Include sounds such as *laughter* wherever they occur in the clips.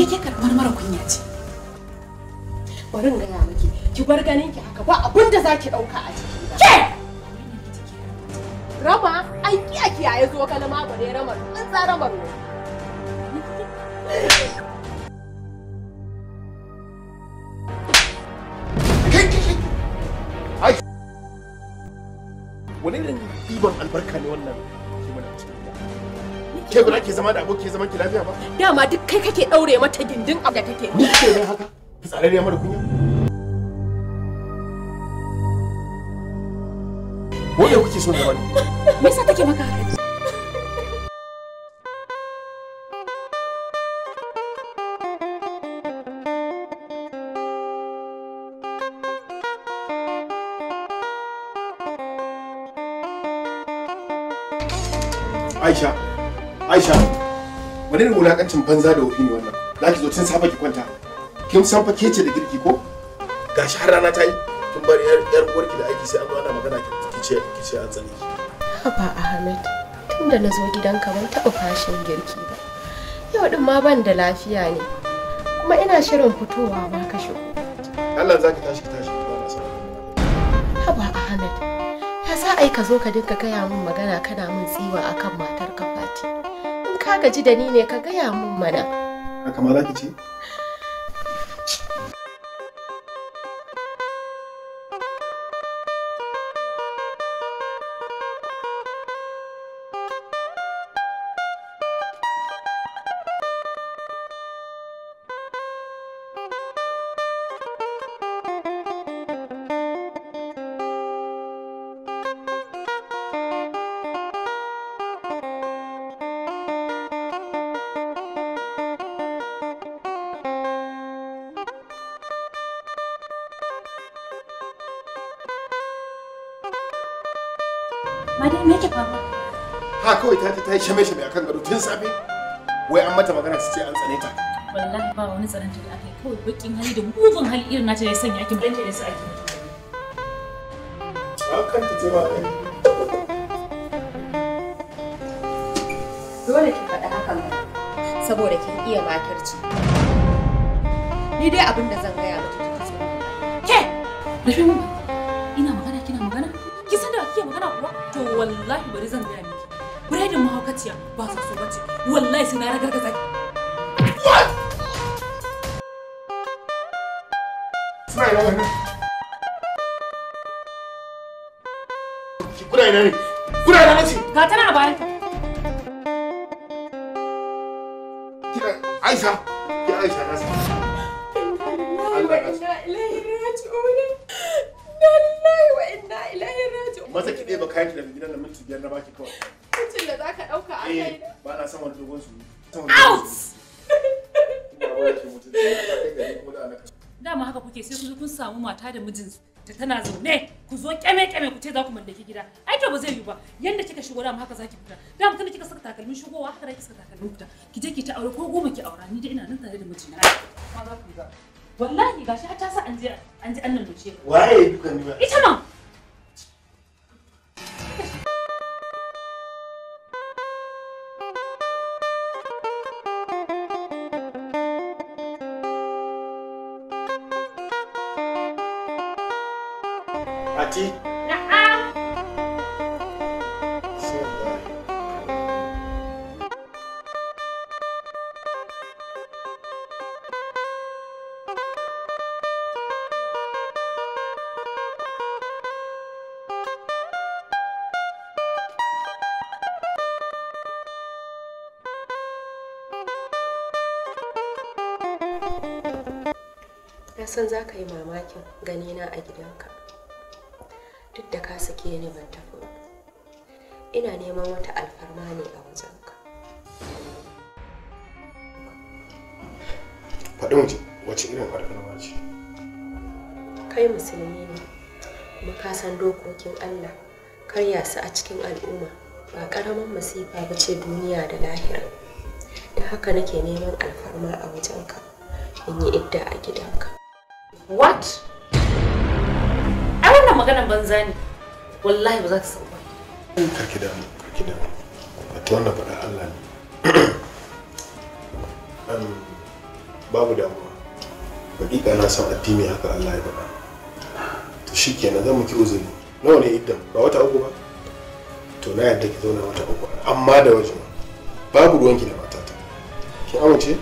sai dai kunya ce bari in gaya miki ki bar ganin ki haka ba abin da zaki ɗauka a ciki ke rama ai kiyaye zo kalma ba ne ramar an tsara ramar wani irin albarka ne wannan ke ba ke zama da aboki zaman ki lafiya ba dama duk kai kake daure mata gindin abu da take ni ke nan haka fitsararriya mara kunya wanda kuke so da wani me yasa take maka haka Aisha, Aisha, wani ne wulakancin banza da wofi ne wannan? Za ki zo tun safa ki kwanta. Kin san fa kece da girki ko? Gashi har rana ta yi. Kin bar yar yar uwarki da aiki sai an zo ana magana ki ce ki ce an tsane ki. Haba Ahmed, tunda na zo gidanka ban taɓa fashin girki ba. Yau din ma ban da lafiya ne. Kuma ina shirin fitowa ba ka shigo. Allah za ki tashi ki tashi. ai ka zo ka dinka gaya min magana kana min tsiwa akan matar ka fati in ka gaji da ni ne ka gaya min mana haka ma za ki ce dai me yake faruwa ha kawai ta ta yi shame shame akan gado tun safe wai an mata magana su ce an tsane ta wallahi ba wani tsananta da aka yi kawai bakin hali da mugun hali irin nata ya sanya ake mutunta da su ake hakan ta ce ba kai dole ki faɗa hakan saboda kin iya matarci ni dai abin da zan gaya mata ke rufe mu wallahi bari zan gaya miki biredin mahaukaciya ba sa so bace wallahi sai na ragargaza ki suna ina ne ina ga tana a Aisha, ya Aisha na maza ki ɗeba kayan ki daga gidan da minti biyar na baki kawai mutum da za ka ɗauka a eh, kai ba na son wani dogon su out dama haka kuke sai kun kun samu mata da mijin ta tana zaune ku zo ƙyame kyame ku ce za ku mallaki gida ai to ba zai yi ba yanda kika shigo dama haka ki fita dama tunda kika saka takalmin shigowa haka zaki saka takalmin fita ki je ki ta aure ko goma ki aura ni dai ina nan tare da mijina ma za ku yi wallahi gashi har ta sa an je an je an nan waye dukan ni ba ita ma Yasan za ka yi mamakin ganina a gidanka duk da ka sake ni ban tafi ba ina neman wata alfarma ne a wajenka faɗi wace wace irin alfarma ce kai musulmi ne kuma ka san dokokin allah karya su a cikin al'umma ba ƙaramin masifa ba ce duniya da lahira da haka nake neman alfarma a wajenka in yi idda a gidanka what maganan banza ne wallahi ba za ta ba karki da mu karki da mu ta wannan faɗa Allah ne babu damuwa hakika na san addini haka Allah ya faɗa to shikenan zan miki uzuri nawa ne idan ba wata uku ba to na yadda ki zauna wata uku amma da waje babu ruwanki da matata ki amince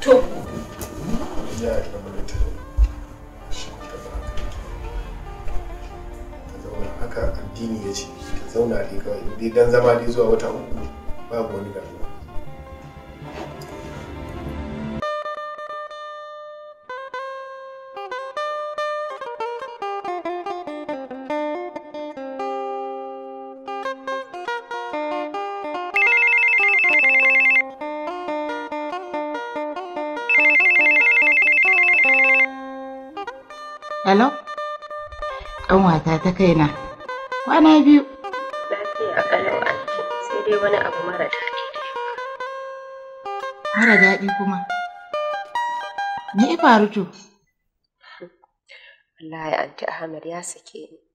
to ya yi na mulita shi ka ba haka ta zauna haka addini ya ce ta zauna dai kawai dai dan zama dai zuwa wata uku babu wani damuwa Hello? Ƙanwata ta kaina. Kwana biyu. Lafiya ƙalau aiki sai dai wani abu mara daɗi Mara daɗi kuma? Me ya faru to? Wallahi anti Ahmad ya sake ni.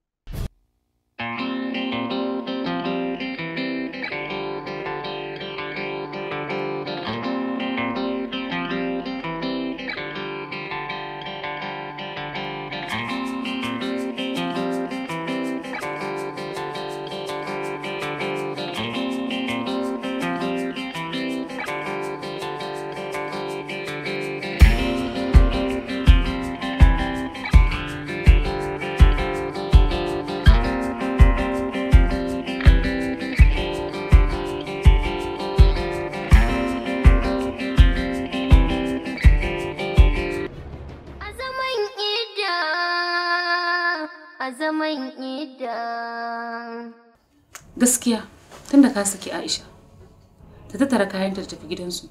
Gaskiya, tunda ka saki Aisha, ta tattara kayanta da tafi gidansu.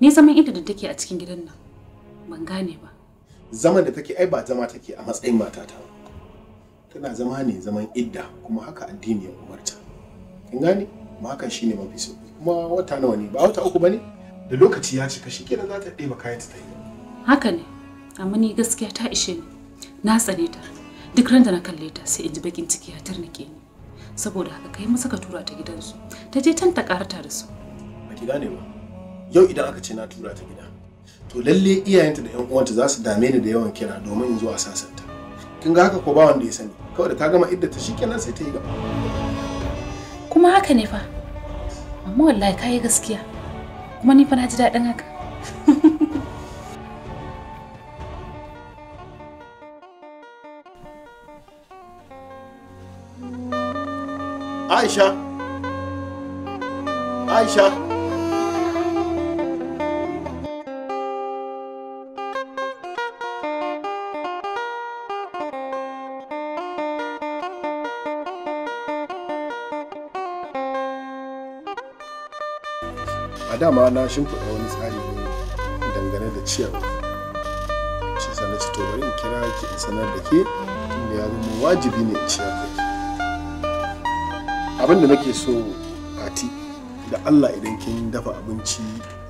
Ni zaman ita da take a cikin gidan nan, ban gane ba. Zaman da take ai ba zama take a matsayin matata. Tana zama ne zaman idda kuma haka addini ya umarta. Kin gane? Kuma haka shine mafi sauki. Kuma wata nawa ne? Ba wata uku bane? Da lokaci ya cika shi kenan za ta ɗeba kayan ta yi. Haka ne, amma ni gaskiya ta ishe ni. Na tsane ta. Duk ran da na kalle ta sai in ji bakin ciki ya tarnake ni. saboda haka kai masa ka tura ta gidansu ta je can ta karata da su ba ki gane ba yau idan aka ce na tura ta gida to lalle iyayenta da yan uwanta za su dame ni da yawan kira domin in zo a sasanta kin ga haka ko ba wanda ya sani kawai da ta gama idda ta shikenan sai ta yi gaba kuma haka ne fa amma wallahi kai gaskiya kuma ni fa na ji daɗin haka *laughs* aisha aisha a dama na shimfiɗa wani tsari ne dangane da ciyarwa shi sanar ci to kira ki sanar da ke tunda ya zama wajibi ne ciyarwa abin da nake so kati da allah idan kin dafa abinci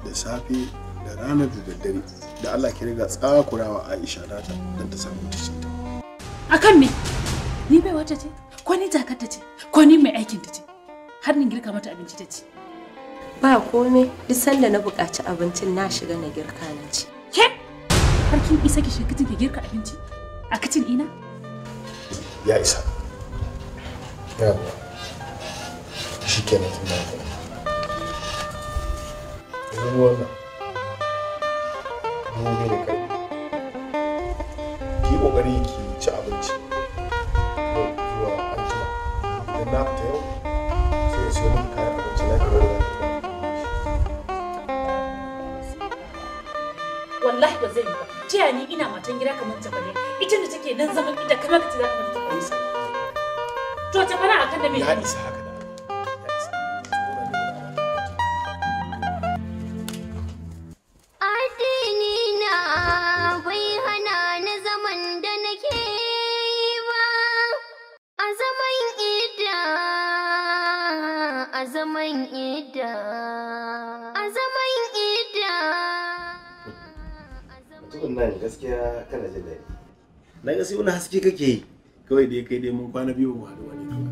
da safe da ranar da daddare da allah ki riga tsakurawa aisha nata dan ta samu ta ta akan me ni bai wata ce ko ni jakar ta ce ko ni mai aikin ta ce har ni girka mata abinci ta ce ba komai duk sanda na buƙaci abincin na shiga na girka na ci ke har kin isa ki shiga ki girka abinci a kicin ina ya isa shi ke sun ba ka yanzu wannan nome da kai ki yi ƙoƙari ki ci abinci zuwa anjima idan na fita yau sai ya siyo maka kayan abinci na kamar da wallahi ba zai yi ba jiya ni ina matan gida kamar ta bane ita da take nan zaman ita kamar ka ce za ka mata ta to jabara akan da me ya isa haka nan gaskiya kana jin daɗi na ga wani haske kake yi kawai dai kai dai mun kwana biyu mu haɗu wani to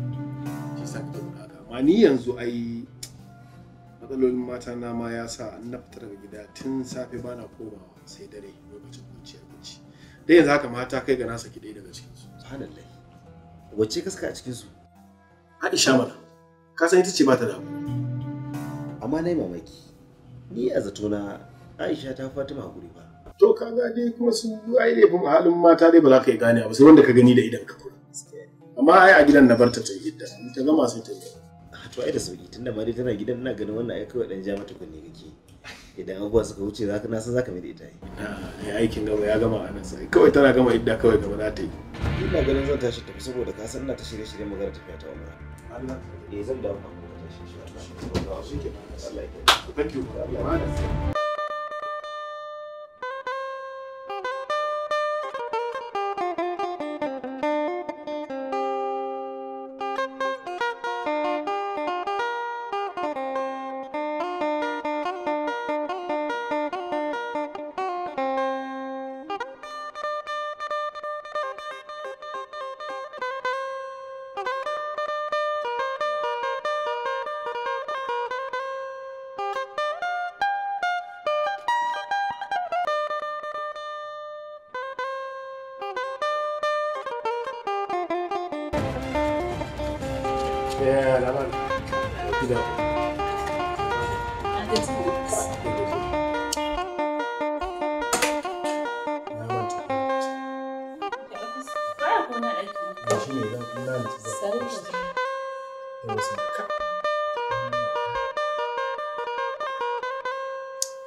shi sa ka tabbata haka amma ni yanzu ai matsalolin mata na ma ya sa an na fitar daga gida tun safe ba na komawa sai dare lokacin kwanciya bacci dai yanzu haka mata kai ga saki kiɗai daga cikin su subhanallah wacce kaska a cikin su Aisha mana ka san ita ce ba ta da amma na yi mamaki ni a zatona Aisha ta Fatima hakuri ba to ka ga dai kuma su ai laifin halin mata dai ba za ka yi gane ba sai wanda ka gani da idan ka kula amma ai a gidan na barta ta yi idda ta gama sai ta yi to ai da sauki tunda ma dai tana gidan na ganin wannan ai kawai dan ja mata kunne kake idan abubuwa suka wuce za ka nasa za ka mai da ita yi ya aikin gaba ya gama a nan sai kawai tana gama idda kawai gaba za ta yi ina ganin zan tashi tafi saboda ka san ina ta shirye shirye magana tafiya ta umra Allah eh zan dawo kan ku tashi shi Allah Allah ya thank you Yeah, that one. You know.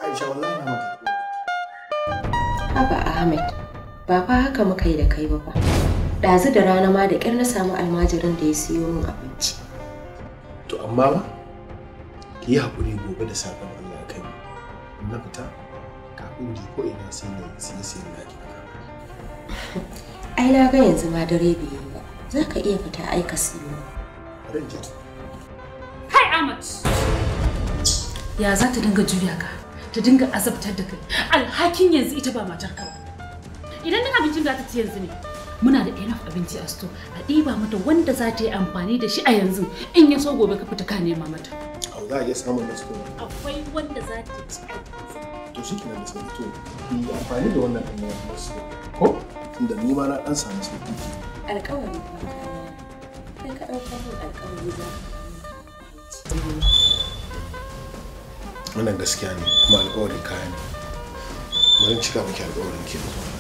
Aisha wallahi na Haba Ahmed, ba fa haka muka yi da kai ba fa. Ɗazu da rana ma da ƙyar na samu almajirin da ya siyo min abu. amma ba ki yi haƙuri gobe da safen Allah kai na fita kafin ki ko ina sai na sai sai na ki ai na ga yanzu ma dare bi yi ba za ka iya fita aika siyo ranjit kai amat ya za ta dinga juya ka ta dinga azabtar da kai alhakin yanzu ita ba matar ka ba idan na abincin da ta ci yanzu ne muna da enough abinci a sto a ɗiba mata wanda za ta yi amfani da shi a yanzu in ya so gobe ka fita ka nema mata. Au za a iya samun na sto. Akwai wanda za ta ci To shi kina da sauki to yi amfani da wannan ɗan na nasu ko da ni ma na ɗan samu sauki. Alƙawari ba kai ka ɗauka min alƙawari za Wannan gaskiya ne kuma alƙawari kaya ne. Mun cika miki alƙawarin kenan.